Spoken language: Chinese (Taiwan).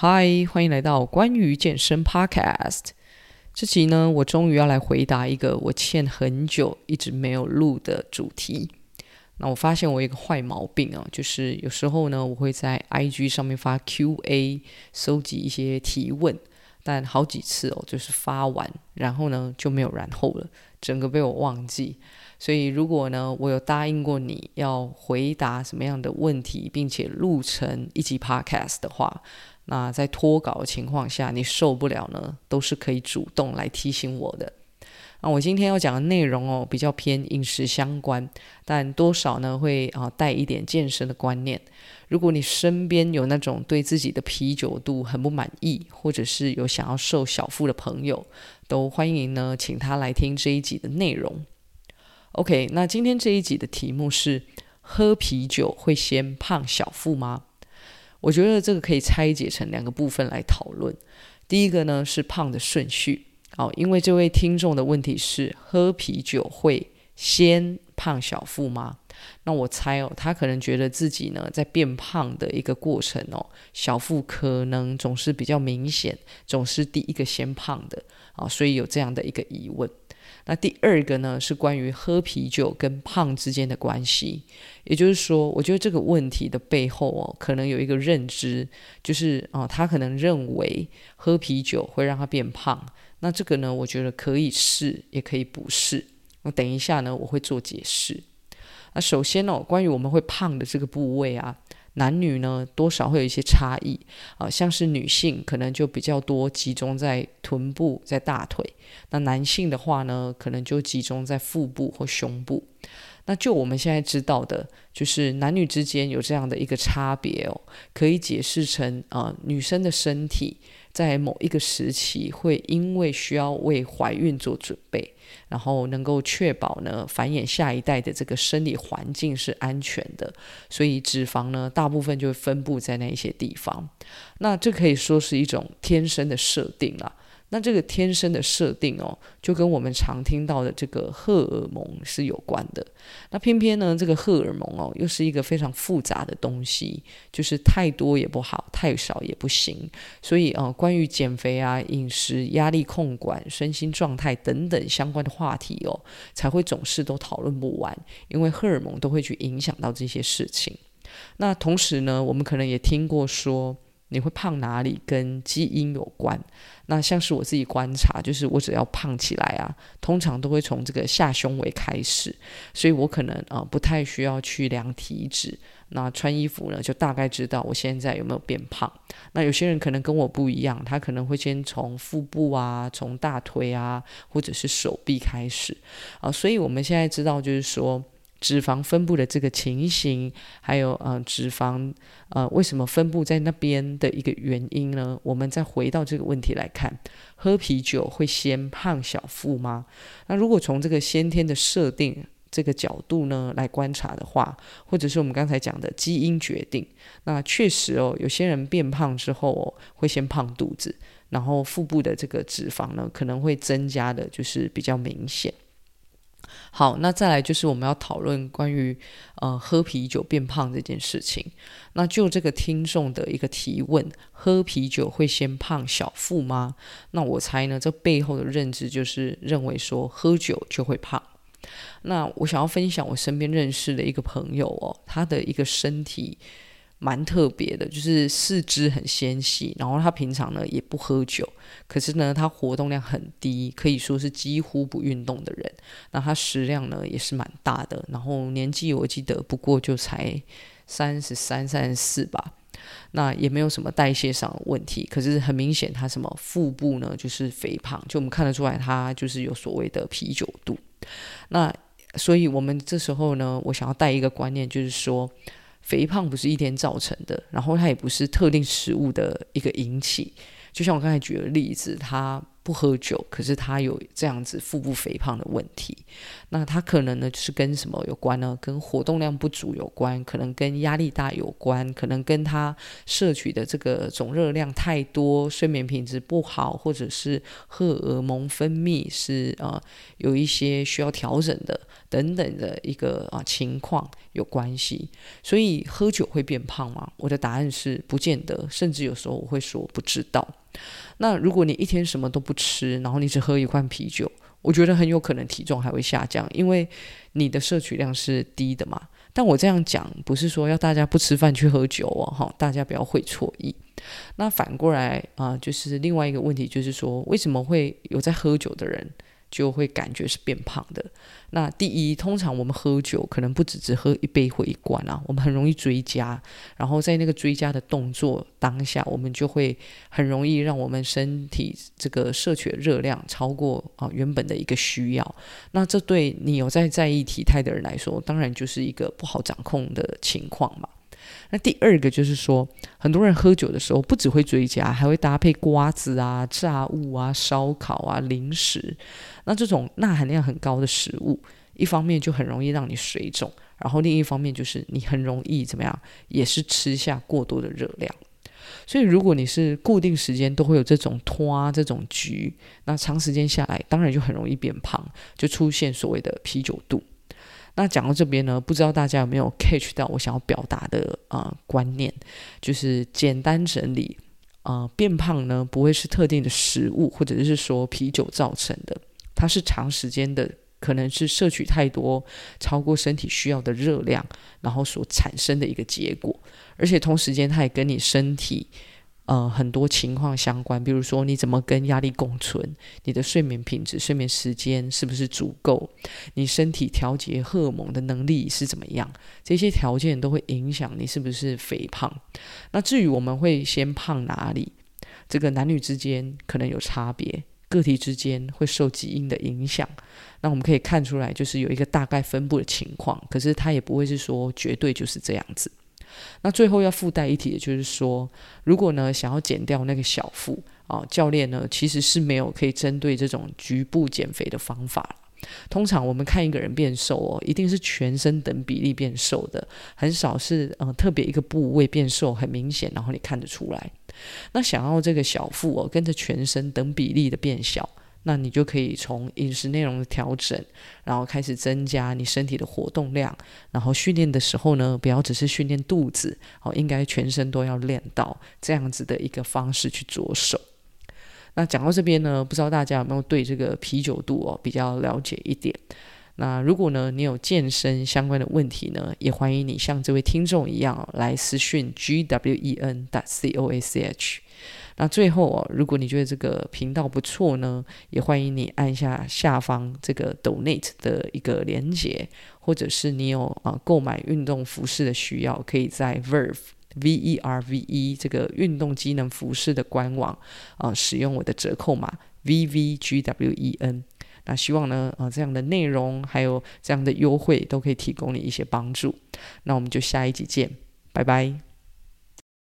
嗨，Hi, 歡迎來到關於健身 Podcast。這集呢，我終於要來回答一個我欠很久一直沒有錄的主題。那我發現我有一個壞毛病哦、啊，就是有時候呢，我會在 IG 上面發 QA，收集一些提問，但好幾次哦，就是發完，然後呢就沒有然後了，整個被我忘記。所以如果呢，我有答應過你要回答什麼樣的問題，並且錄成一集 Podcast 的話，那在脫稿的情況下，你受不了呢，都是可以主動來提醒我的。那我今天要講的內容哦，比較偏飲食相關，但多少呢會啊、呃、帶一點健身的觀念。如果你身邊有那種對自己的啤酒肚很不滿意，或者是有想要瘦小腹的朋友，都歡迎呢，請他來聽這一集的內容。OK，那今天這一集的題目是：喝啤酒會先胖小腹嗎？我覺得這個可以拆解成兩個部分來討論。第一個呢是胖的順序，好、哦，因為這位聽眾的問題是喝啤酒會先胖小腹嗎？那我猜哦，他可能覺得自己呢在變胖的一個過程哦，小腹可能總是比較明顯，總是第一個先胖的啊、哦，所以有這樣的一個疑問。那第二個呢，是關於喝啤酒跟胖之間的關係。也就是說，我覺得這個問題的背後哦，可能有一個認知，就是哦，他可能認為喝啤酒會讓他變胖。那這個呢，我覺得可以是，也可以不是。我等一下呢，我會做解釋。那首先呢，哦，關於我們會胖的這個部位啊。男女呢，多少會有一些差異啊，呃，像是女性可能就比較多集中在臀部、在大腿，那男性的話呢，可能就集中在腹部或胸部。那就我們現在知道的，就是男女之間有這樣的一個差別哦，可以解釋成啊，呃，女生的身體。在某一個時期，會因為需要為懷孕做準備，然後能夠確保呢繁衍下一代的這個生理環境是安全的，所以脂肪呢大部分就分布在那一些地方。那這可以說是一種天生的設定啊。那這個天生的設定哦，就跟我們常聽到的這個荷爾蒙是有關的。那偏偏呢，這個荷爾蒙哦，又是一個非常複雜的東西，就是太多也不好，太少也不行。所以啊，關於減肥啊、飲食、壓力控管、身心狀態等等相關的話題哦，才會總是都討論不完，因為荷爾蒙都會去影響到這些事情。那同時呢，我們可能也聽過說。你會胖哪裡跟基因有關？那像是我自己觀察，就是我只要胖起來啊，通常都會從這個下胸圍開始，所以我可能啊、呃、不太需要去量體脂，那穿衣服呢就大概知道我現在有沒有變胖。那有些人可能跟我不一樣，他可能會先從腹部啊、從大腿啊或者是手臂開始啊、呃，所以我們現在知道就是說。脂肪分布的這個情形，還有呃脂肪呃為什麼分布在那邊的一個原因呢？我們再回到這個問題來看，喝啤酒會先胖小腹嗎？那如果從這個先天的設定這個角度呢來觀察的話，或者是我們剛才講的基因決定，那確實哦，有些人變胖之後哦，會先胖肚子，然後腹部的這個脂肪呢可能會增加的，就是比較明顯。好，那再來就是我們要討論關於呃喝啤酒變胖這件事情。那就這個聽眾的一個提問：喝啤酒會先胖小腹嗎？那我猜呢，這背後的認知就是認為說喝酒就會胖。那我想要分享我身邊認識的一個朋友哦，他的一個身體。蠻特別的，就是四肢很纖細，然後他平常呢也不喝酒，可是呢他活動量很低，可以說是幾乎不運動的人。那他食量呢也是蠻大的，然後年紀我記得不過就才三十三、三十四吧。那也沒有什麼代謝上的問題，可是很明顯他什麼腹部呢就是肥胖，就我們看得出來他就是有所謂的啤酒肚。那所以我們這時候呢，我想要帶一個觀念，就是說。肥胖不是一天造成的，然後它也不是特定食物的一個引起。就像我剛才舉的例子，它。不喝酒，可是他有這樣子腹部肥胖的問題。那他可能呢，就是跟什麼有關呢？跟活動量不足有關，可能跟壓力大有關，可能跟他攝取的這個總熱量太多，睡眠品質不好，或者是荷爾蒙分泌是啊、呃、有一些需要調整的等等的一個啊、呃、情況有關係。所以喝酒會變胖嗎？我的答案是不見得，甚至有時候我會說不知道。那如果你一天什麼都不吃，然後你只喝一罐啤酒，我覺得很有可能體重還會下降，因為你的攝取量是低的嘛。但我這樣講不是說要大家不吃飯去喝酒哦，哈，大家不要會錯意。那反過來啊、呃，就是另外一個問題，就是說為什麼會有在喝酒的人？就會感覺是變胖的。那第一，通常我們喝酒可能不只只喝一杯或一罐啊，我們很容易追加，然後在那個追加的動作當下，我們就會很容易讓我們身體這個攝取的熱量超過啊、呃、原本的一個需要。那這對你有在在意體態的人來說，當然就是一個不好掌控的情況嘛。那第二個就是說，很多人喝酒的時候不只會追加，還會搭配瓜子啊、炸物啊、燒烤啊、零食。那這種鈉含量很高的食物，一方面就很容易讓你水腫，然後另一方面就是你很容易怎麼樣，也是吃下過多的熱量。所以如果你是固定時間都會有這種拖這種局，那長時間下來，當然就很容易變胖，就出現所謂的啤酒肚。那講到這邊呢，不知道大家有沒有 catch 到我想要表達的啊、呃、觀念，就是簡單整理啊、呃，變胖呢，不會是特定的食物或者是說啤酒造成的，它是長時間的，可能是攝取太多超過身體需要的熱量，然後所產生的一個結果，而且同時間它也跟你身體。呃，很多情況相關，比如說你怎麼跟壓力共存，你的睡眠品質、睡眠時間是不是足夠，你身體調節荷爾蒙的能力是怎麼樣，這些條件都會影響你是不是肥胖。那至於我們會先胖哪裡，這個男女之間可能有差別，個體之間會受基因的影響。那我們可以看出來，就是有一個大概分布的情況，可是它也不會是說絕對就是這樣子。那最後要附帶一提的就是說，如果呢想要減掉那個小腹啊，教練呢其實是沒有可以針對這種局部減肥的方法。通常我們看一個人變瘦哦，一定是全身等比例變瘦的，很少是嗯、呃、特別一個部位變瘦很明顯，然後你看得出來。那想要這個小腹哦跟着全身等比例的變小。那你就可以從飲食內容的調整，然後開始增加你身體的活動量，然後訓練的時候呢，不要只是訓練肚子好、哦、應該全身都要練到這樣子的一個方式去着手。那講到這邊呢，不知道大家有沒有對這個啤酒肚、哦、比較了解一點？那如果呢，你有健身相關的問題呢，也歡迎你像這位聽眾一樣、哦、來私訊 G W E N dot C O A C H。那最後哦，如果你覺得這個頻道不錯呢，也歡迎你按下下方這個 Donate 的一個連結，或者是你有啊購買運動服飾的需要，可以在 Verve V E R V E 這個運動機能服飾的官網啊使用我的折扣碼 V V G W E N。那希望呢啊這樣的內容還有這樣的優惠都可以提供你一些幫助。那我們就下一集見，拜拜。